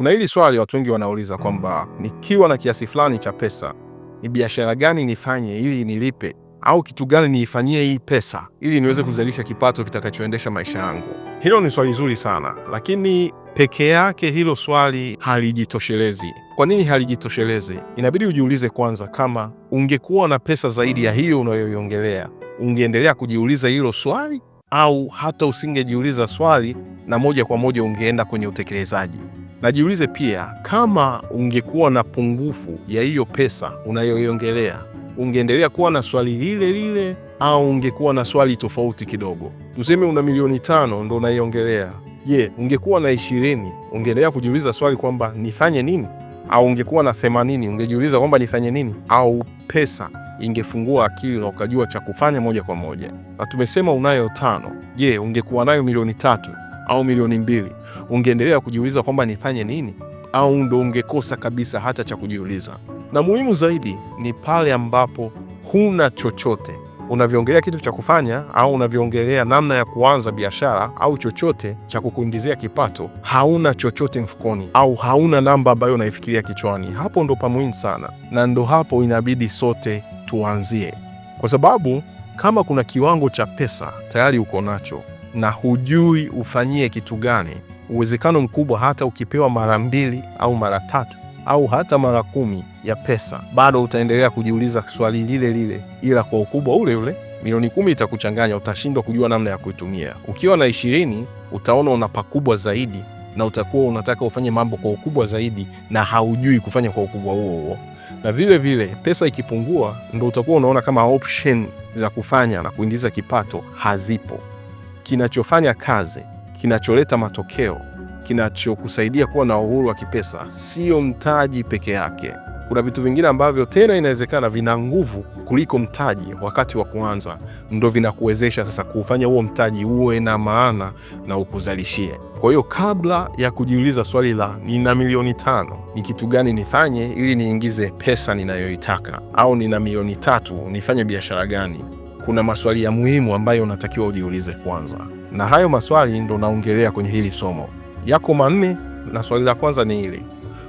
Kuna hili swali watu wengi wanauliza kwamba mm. nikiwa na kiasi fulani cha pesa, ni biashara gani nifanye ili nilipe, au kitu gani niifanyie hii pesa ili niweze mm. kuzalisha kipato kitakachoendesha maisha yangu? Hilo ni swali zuri sana, lakini peke yake hilo swali halijitoshelezi. Kwa nini halijitoshelezi? Inabidi ujiulize kwanza, kama ungekuwa na pesa zaidi ya hiyo unayoiongelea, ungeendelea kujiuliza hilo swali, au hata usingejiuliza swali na moja kwa moja ungeenda kwenye utekelezaji? najiulize pia, kama ungekuwa na pungufu ya hiyo pesa unayoiongelea, ungeendelea kuwa na swali lile lile au ungekuwa na swali tofauti kidogo? Tuseme una milioni tano ndo unaiongelea. Je, ungekuwa na ishirini ungeendelea kujiuliza swali kwamba nifanye nini? Au ungekuwa na themanini ungejiuliza kwamba nifanye nini? Au pesa ingefungua akili na ukajua cha kufanya moja kwa moja. Na tumesema unayo tano, je, ungekuwa nayo milioni tatu au milioni mbili, ungeendelea kujiuliza kwamba nifanye nini? Au ndo ungekosa kabisa hata cha kujiuliza. Na muhimu zaidi ni pale ambapo huna chochote, unavyoongelea kitu cha kufanya au unavyoongelea namna ya kuanza biashara au chochote cha kukuingizia kipato, hauna chochote mfukoni au hauna namba ambayo unaifikiria kichwani. Hapo ndo pamuhimu sana, na ndo hapo inabidi sote tuanzie, kwa sababu kama kuna kiwango cha pesa tayari uko nacho na hujui ufanyie kitu gani, uwezekano mkubwa hata ukipewa mara mbili au mara tatu au hata mara kumi ya pesa bado utaendelea kujiuliza swali lile lile, ila kwa ukubwa ule ule. Milioni kumi itakuchanganya, utashindwa kujua namna ya kuitumia. Ukiwa na ishirini utaona una pakubwa zaidi, na utakuwa unataka ufanye mambo kwa ukubwa zaidi, na haujui kufanya kwa ukubwa huo huo. Na vile vile pesa ikipungua, ndo utakuwa unaona kama option za kufanya na kuingiza kipato hazipo kinachofanya kazi, kinacholeta matokeo, kinachokusaidia kuwa na uhuru wa kipesa, sio mtaji peke yake. Kuna vitu vingine ambavyo tena inawezekana vina nguvu kuliko mtaji wakati wa kuanza, ndo vinakuwezesha sasa kufanya huo mtaji uwe na maana na ukuzalishie. Kwa hiyo kabla ya kujiuliza swali la nina milioni tano, ni kitu gani nifanye ili niingize pesa ninayoitaka, au nina milioni tatu, nifanye biashara gani? kuna maswali ya muhimu ambayo unatakiwa ujiulize kwanza, na hayo maswali ndo naongelea kwenye hili somo. Yako manne, na swali la kwanza ni hili: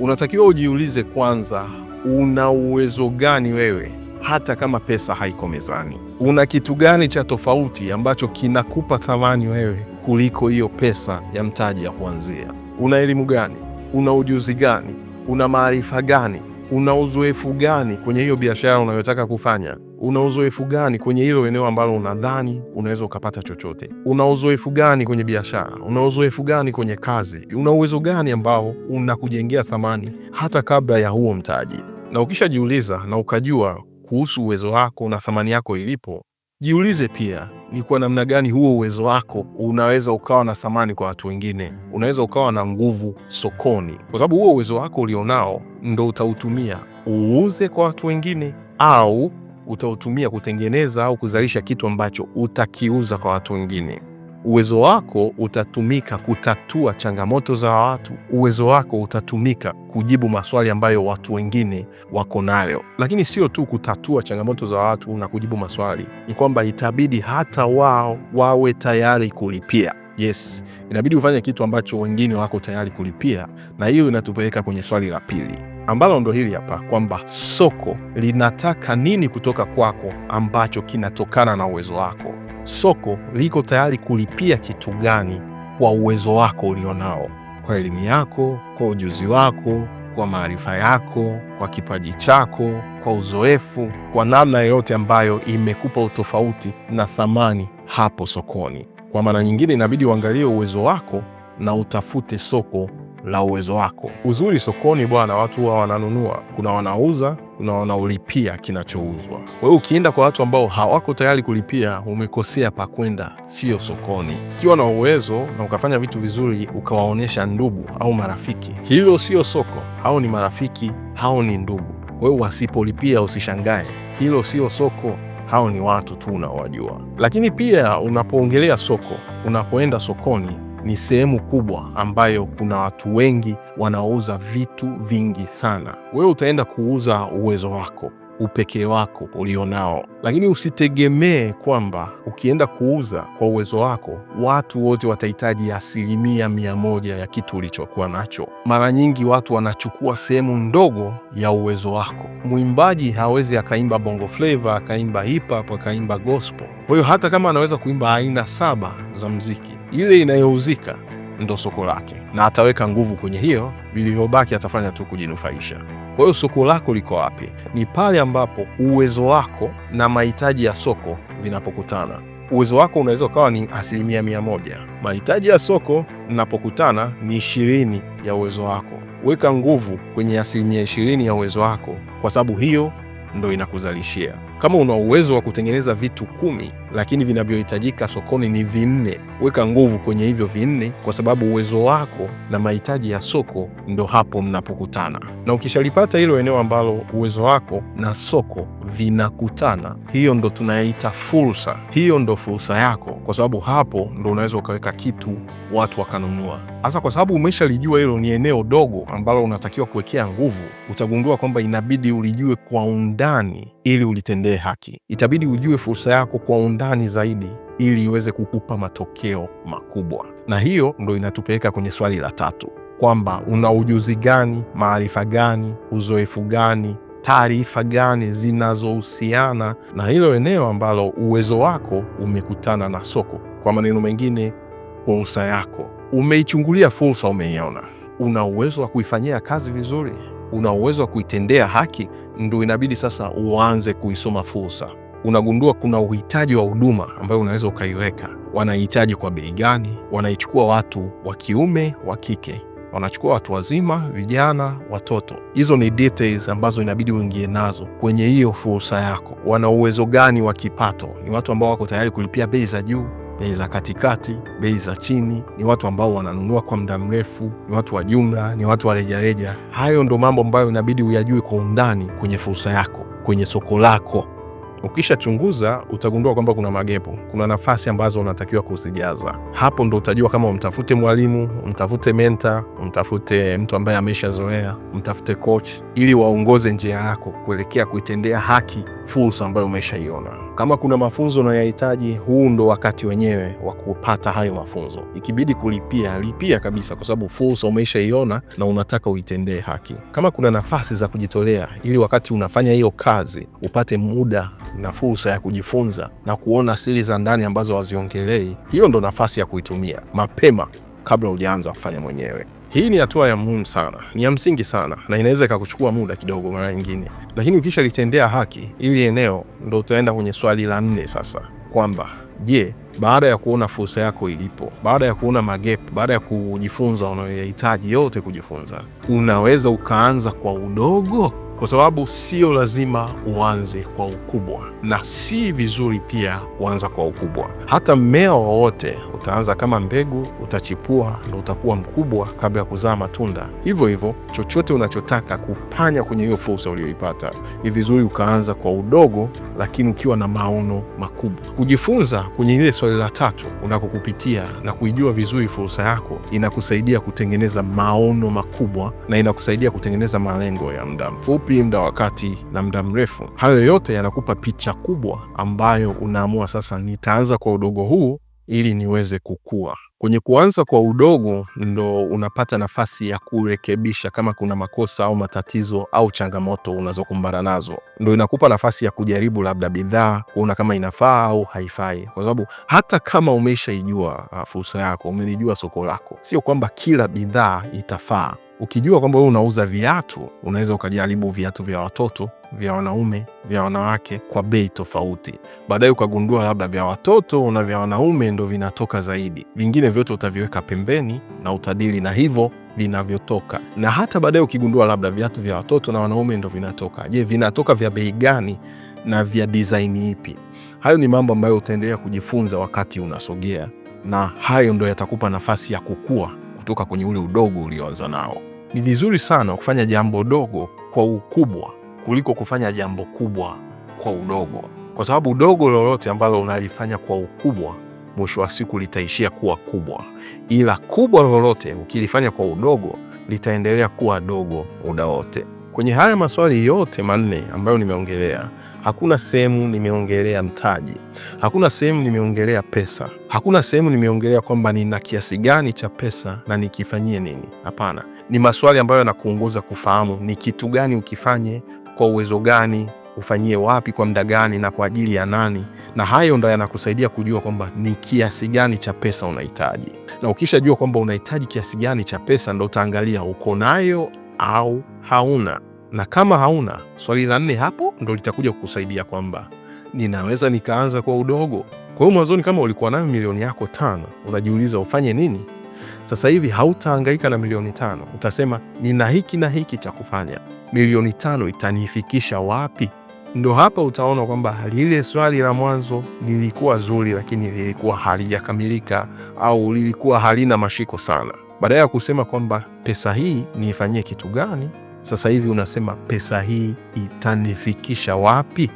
unatakiwa ujiulize kwanza, una uwezo gani wewe hata kama pesa haiko mezani? Una kitu gani cha tofauti ambacho kinakupa thamani wewe kuliko hiyo pesa ya mtaji ya kuanzia? Una elimu gani? Una ujuzi gani? Una maarifa gani? Una uzoefu gani kwenye hiyo biashara unayotaka kufanya? Una uzoefu gani kwenye hilo eneo ambalo unadhani unaweza ukapata chochote? Una uzoefu gani kwenye biashara? Una uzoefu gani kwenye kazi? Una uwezo gani ambao unakujengea thamani hata kabla ya huo mtaji? Na ukishajiuliza na ukajua kuhusu uwezo wako na thamani yako ilipo, jiulize pia ni kwa namna gani huo uwezo wako unaweza ukawa na thamani kwa watu wengine, unaweza ukawa na nguvu sokoni, kwa sababu huo uwezo wako ulionao ndo utautumia uuze kwa watu wengine au utaotumia kutengeneza au kuzalisha kitu ambacho utakiuza kwa watu wengine. Uwezo wako utatumika kutatua changamoto za watu. Uwezo wako utatumika kujibu maswali ambayo watu wengine wako nayo, lakini sio tu kutatua changamoto za watu na kujibu maswali, ni kwamba itabidi hata wao wawe tayari kulipia. Yes, inabidi ufanye kitu ambacho wengine wako tayari kulipia, na hiyo inatupeleka kwenye swali la pili ambalo ndo hili hapa, kwamba soko linataka nini kutoka kwako ambacho kinatokana na uwezo wako. Soko liko tayari kulipia kitu gani kwa uwezo wako ulionao, kwa elimu yako, kwa ujuzi wako, kwa maarifa yako, kwa kipaji chako, kwa uzoefu, kwa namna yoyote ambayo imekupa utofauti na thamani hapo sokoni. Kwa maana nyingine, inabidi uangalie uwezo wako na utafute soko la uwezo wako. Uzuri sokoni bwana, watu huwa wananunua, kuna wanauza kuna wanaolipia kinachouzwa. kwa hiyo ukienda kwa watu ambao hawako tayari kulipia, umekosea pa kwenda, sio sokoni. Ukiwa na uwezo na ukafanya vitu vizuri, ukawaonyesha ndugu au marafiki, hilo sio soko. Hao ni marafiki, hao ni ndugu. kwa hiyo wasipolipia usishangae, hilo sio soko hao ni watu tu unaowajua. Lakini pia unapoongelea soko, unapoenda sokoni ni sehemu kubwa ambayo kuna watu wengi wanaouza vitu vingi sana. Wewe utaenda kuuza uwezo wako upekee wako ulionao, lakini usitegemee kwamba ukienda kuuza kwa uwezo wako watu wote watahitaji asilimia mia moja ya kitu ulichokuwa nacho. Mara nyingi watu wanachukua sehemu ndogo ya uwezo wako. Mwimbaji hawezi akaimba bongo flava, akaimba hip hop, akaimba gospel. Kwa hiyo hata kama anaweza kuimba aina saba za mziki, ile inayouzika ndo soko lake, na ataweka nguvu kwenye hiyo, vilivyobaki atafanya tu kujinufaisha. Kwa hiyo soko lako liko wapi? Ni pale ambapo uwezo wako na mahitaji ya soko vinapokutana. Uwezo wako unaweza ukawa ni asilimia mia moja, mahitaji ya soko napokutana ni ishirini ya uwezo wako. Weka nguvu kwenye asilimia ishirini ya uwezo wako, kwa sababu hiyo ndo inakuzalishia. Kama una uwezo wa kutengeneza vitu kumi lakini vinavyohitajika sokoni ni vinne. Weka nguvu kwenye hivyo vinne, kwa sababu uwezo wako na mahitaji ya soko ndo hapo mnapokutana. Na ukishalipata hilo eneo ambalo uwezo wako na soko vinakutana, hiyo ndo tunaita fursa. Hiyo ndo fursa yako, kwa sababu hapo ndo unaweza ukaweka kitu watu wakanunua. Hasa kwa sababu umeshalijua hilo ni eneo dogo ambalo unatakiwa kuwekea nguvu, utagundua kwamba inabidi ulijue kwa undani ili ulitendee haki. Itabidi ujue fursa yako kwa undani ndani zaidi ili iweze kukupa matokeo makubwa. Na hiyo ndo inatupeleka kwenye swali la tatu kwamba una ujuzi gani, maarifa gani, uzoefu gani, taarifa gani zinazohusiana na hilo eneo ambalo uwezo wako umekutana na soko. Kwa maneno mengine, fursa yako umeichungulia, fursa umeiona, una uwezo wa kuifanyia kazi vizuri, una uwezo wa kuitendea haki, ndo inabidi sasa uanze kuisoma fursa unagundua kuna uhitaji wa huduma ambayo unaweza ukaiweka. Wanahitaji kwa bei gani? Wanaichukua watu wa kiume, wa kike? Wanachukua watu wazima, vijana, watoto? Hizo ni details ambazo inabidi uingie nazo kwenye hiyo fursa yako. Wana uwezo gani wa kipato? Ni watu ambao wako tayari kulipia bei za juu bei za katikati, bei za chini. Ni watu ambao wananunua kwa muda mrefu, ni watu wa jumla, ni watu wa rejareja. Hayo ndo mambo ambayo inabidi uyajue kwa undani kwenye fursa yako, kwenye soko lako. Ukishachunguza utagundua kwamba kuna magepu, kuna nafasi ambazo unatakiwa kuzijaza. Hapo ndo utajua kama umtafute mwalimu, umtafute menta, umtafute mtu ambaye ameshazoea, umtafute coach, ili waongoze njia yako kuelekea kuitendea haki fursa ambayo umeshaiona. Kama kuna mafunzo unayohitaji, huu ndo wakati wenyewe wa kupata hayo mafunzo. Ikibidi kulipia, lipia kabisa, kwa sababu fursa umeishaiona na unataka uitendee haki. Kama kuna nafasi za kujitolea, ili wakati unafanya hiyo kazi upate muda na fursa ya kujifunza na kuona siri za ndani ambazo waziongelei, hiyo ndo nafasi ya kuitumia mapema kabla hujaanza kufanya mwenyewe. Hii ni hatua ya muhimu sana, ni ya msingi sana, na inaweza ikakuchukua muda kidogo mara nyingine, lakini ukisha litendea haki ili eneo, ndo utaenda kwenye swali la nne sasa, kwamba je, baada ya kuona fursa yako ilipo, baada ya kuona magep, baada ya kujifunza unayoyahitaji yote kujifunza, unaweza ukaanza kwa udogo kwa sababu sio lazima uanze kwa ukubwa, na si vizuri pia kuanza kwa ukubwa. Hata mmea wowote utaanza kama mbegu, utachipua na utakuwa mkubwa kabla ya kuzaa matunda. Hivyo hivyo chochote unachotaka kupanya kwenye hiyo fursa uliyoipata, ni vizuri ukaanza kwa udogo, lakini ukiwa na maono makubwa. Kujifunza kwenye ile swali la tatu, unakokupitia na kuijua vizuri fursa yako inakusaidia kutengeneza maono makubwa na inakusaidia kutengeneza malengo ya muda mfupi ufupi, mda wa kati na mda mrefu. Hayo yote yanakupa picha kubwa ambayo unaamua sasa, nitaanza kwa udogo huu ili niweze kukua. Kwenye kuanza kwa udogo ndo unapata nafasi ya kurekebisha kama kuna makosa au matatizo au changamoto unazokumbana nazo, ndo inakupa nafasi ya kujaribu labda bidhaa kuona kama inafaa au haifai, kwa sababu hata kama umeishaijua ah, fursa yako, umelijua soko lako, sio kwamba kila bidhaa itafaa. Ukijua kwamba wewe unauza viatu, unaweza ukajaribu viatu vya watoto, vya wanaume, vya wanawake kwa bei tofauti. Baadaye ukagundua labda vya watoto na vya wanaume ndo vinatoka zaidi, vingine vyote utaviweka pembeni na utadili na hivyo vinavyotoka na hata baadaye ukigundua labda viatu vya watoto na wanaume ndo vinatoka. Je, vinatoka vya bei gani na vya dizaini ipi? Hayo ni mambo ambayo utaendelea kujifunza wakati unasogea, na hayo ndo yatakupa nafasi ya kukua kutoka kwenye ule udogo ulioanza nao. Ni vizuri sana kufanya jambo dogo kwa ukubwa kuliko kufanya jambo kubwa kwa udogo, kwa sababu udogo lolote ambalo unalifanya kwa ukubwa mwisho wa siku litaishia kuwa kubwa, ila kubwa lolote ukilifanya kwa udogo litaendelea kuwa dogo muda wote. Kwenye haya maswali yote manne ambayo nimeongelea, hakuna sehemu nimeongelea mtaji, hakuna sehemu nimeongelea pesa, hakuna sehemu nimeongelea kwamba nina kiasi gani cha pesa na nikifanyie nini. Hapana, ni maswali ambayo yanakuongoza kufahamu ni kitu gani ukifanye, kwa uwezo gani ufanyie wapi, kwa muda gani, na kwa ajili ya nani, na hayo ndo yanakusaidia kujua kwamba ni kiasi gani cha pesa unahitaji. Na ukishajua kwamba unahitaji kiasi gani cha pesa, ndo utaangalia uko nayo au hauna, na kama hauna, swali la nne hapo ndo litakuja kukusaidia kwamba ninaweza nikaanza kwa udogo. Kwa hiyo mwanzoni, kama ulikuwa nayo milioni yako tano, unajiuliza ufanye nini? Sasa hivi hautahangaika na milioni tano, utasema nina hiki na hiki cha kufanya, milioni tano itanifikisha wapi? Ndo hapa utaona kwamba lile swali la mwanzo lilikuwa zuri, lakini lilikuwa halijakamilika au lilikuwa halina mashiko sana. Badala ya kusema kwamba pesa hii niifanyie kitu gani, sasa hivi unasema pesa hii itanifikisha wapi?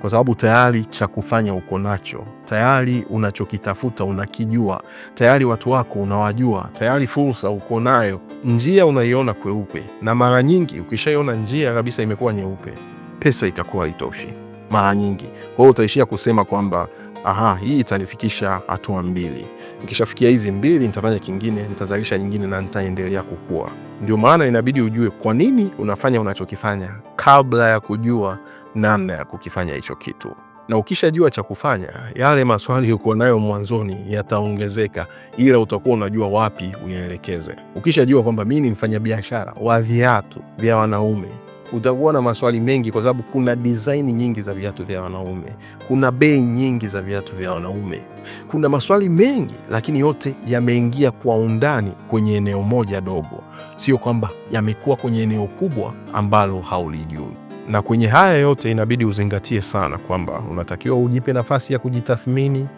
Kwa sababu tayari cha kufanya uko nacho, tayari unachokitafuta unakijua, tayari watu wako unawajua, tayari fursa uko nayo, njia unaiona kweupe. Na mara nyingi ukishaiona njia kabisa imekuwa nyeupe, pesa itakuwa haitoshi mara nyingi. Kwa hiyo utaishia kusema kwamba aha, hii itanifikisha hatua mbili, nikishafikia hizi mbili nitafanya kingine, nitazalisha nyingine na nitaendelea kukua. Ndio maana inabidi ujue kwa nini unafanya unachokifanya kabla ya kujua namna ya kukifanya hicho kitu na ukishajua cha kufanya, yale maswali uko nayo mwanzoni yataongezeka, ila utakuwa unajua wapi uyaelekeze. Ukishajua kwamba mi ni mfanyabiashara wa viatu vya wanaume utakuwa na maswali mengi, kwa sababu kuna design nyingi za viatu vya wanaume, kuna bei nyingi za viatu vya wanaume, kuna maswali mengi, lakini yote yameingia kwa undani kwenye eneo moja dogo, sio kwamba yamekuwa kwenye eneo kubwa ambalo haulijui. Na kwenye haya yote inabidi uzingatie sana kwamba unatakiwa ujipe nafasi ya kujitathmini,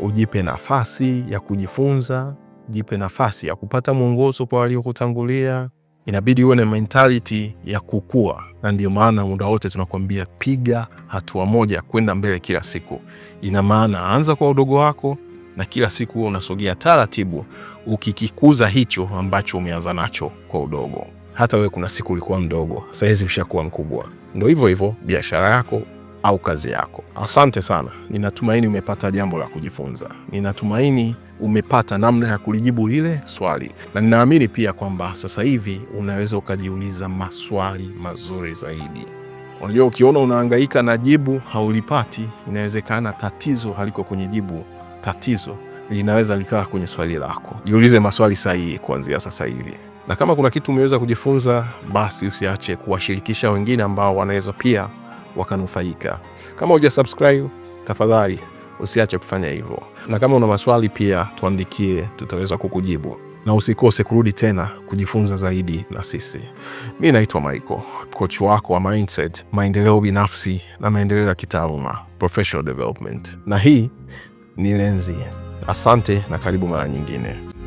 ujipe nafasi ya kujifunza, ujipe nafasi ya kupata mwongozo kwa waliokutangulia inabidi uwe na mentality ya kukua, na ndio maana muda wote tunakuambia piga hatua moja kwenda mbele kila siku. Ina maana anza kwa udogo wako, na kila siku huwa unasogea taratibu, ukikikuza hicho ambacho umeanza nacho kwa udogo. Hata wewe kuna siku ulikuwa mdogo, sahizi ushakuwa mkubwa. Ndo hivyo hivyo biashara yako au kazi yako. Asante sana, ninatumaini umepata jambo la kujifunza. Ninatumaini umepata namna ya kulijibu lile swali, na ninaamini pia kwamba sasa hivi unaweza ukajiuliza maswali mazuri zaidi. Unajua, ukiona unahangaika na jibu haulipati, inawezekana tatizo haliko kwenye jibu, tatizo linaweza likaa kwenye swali lako. Jiulize maswali sahihi kuanzia sasa hivi, na kama kuna kitu umeweza kujifunza, basi usiache kuwashirikisha wengine ambao wanaweza pia wakanufaika. Kama uja subscribe, tafadhali usiache kufanya hivyo, na kama una maswali pia tuandikie, tutaweza kukujibu na usikose kurudi tena kujifunza zaidi na sisi. Mi naitwa Michael, kochi wako wa mindset, maendeleo binafsi na maendeleo ya kitaaluma, professional development, na hii ni Lenzi. Asante na karibu mara nyingine.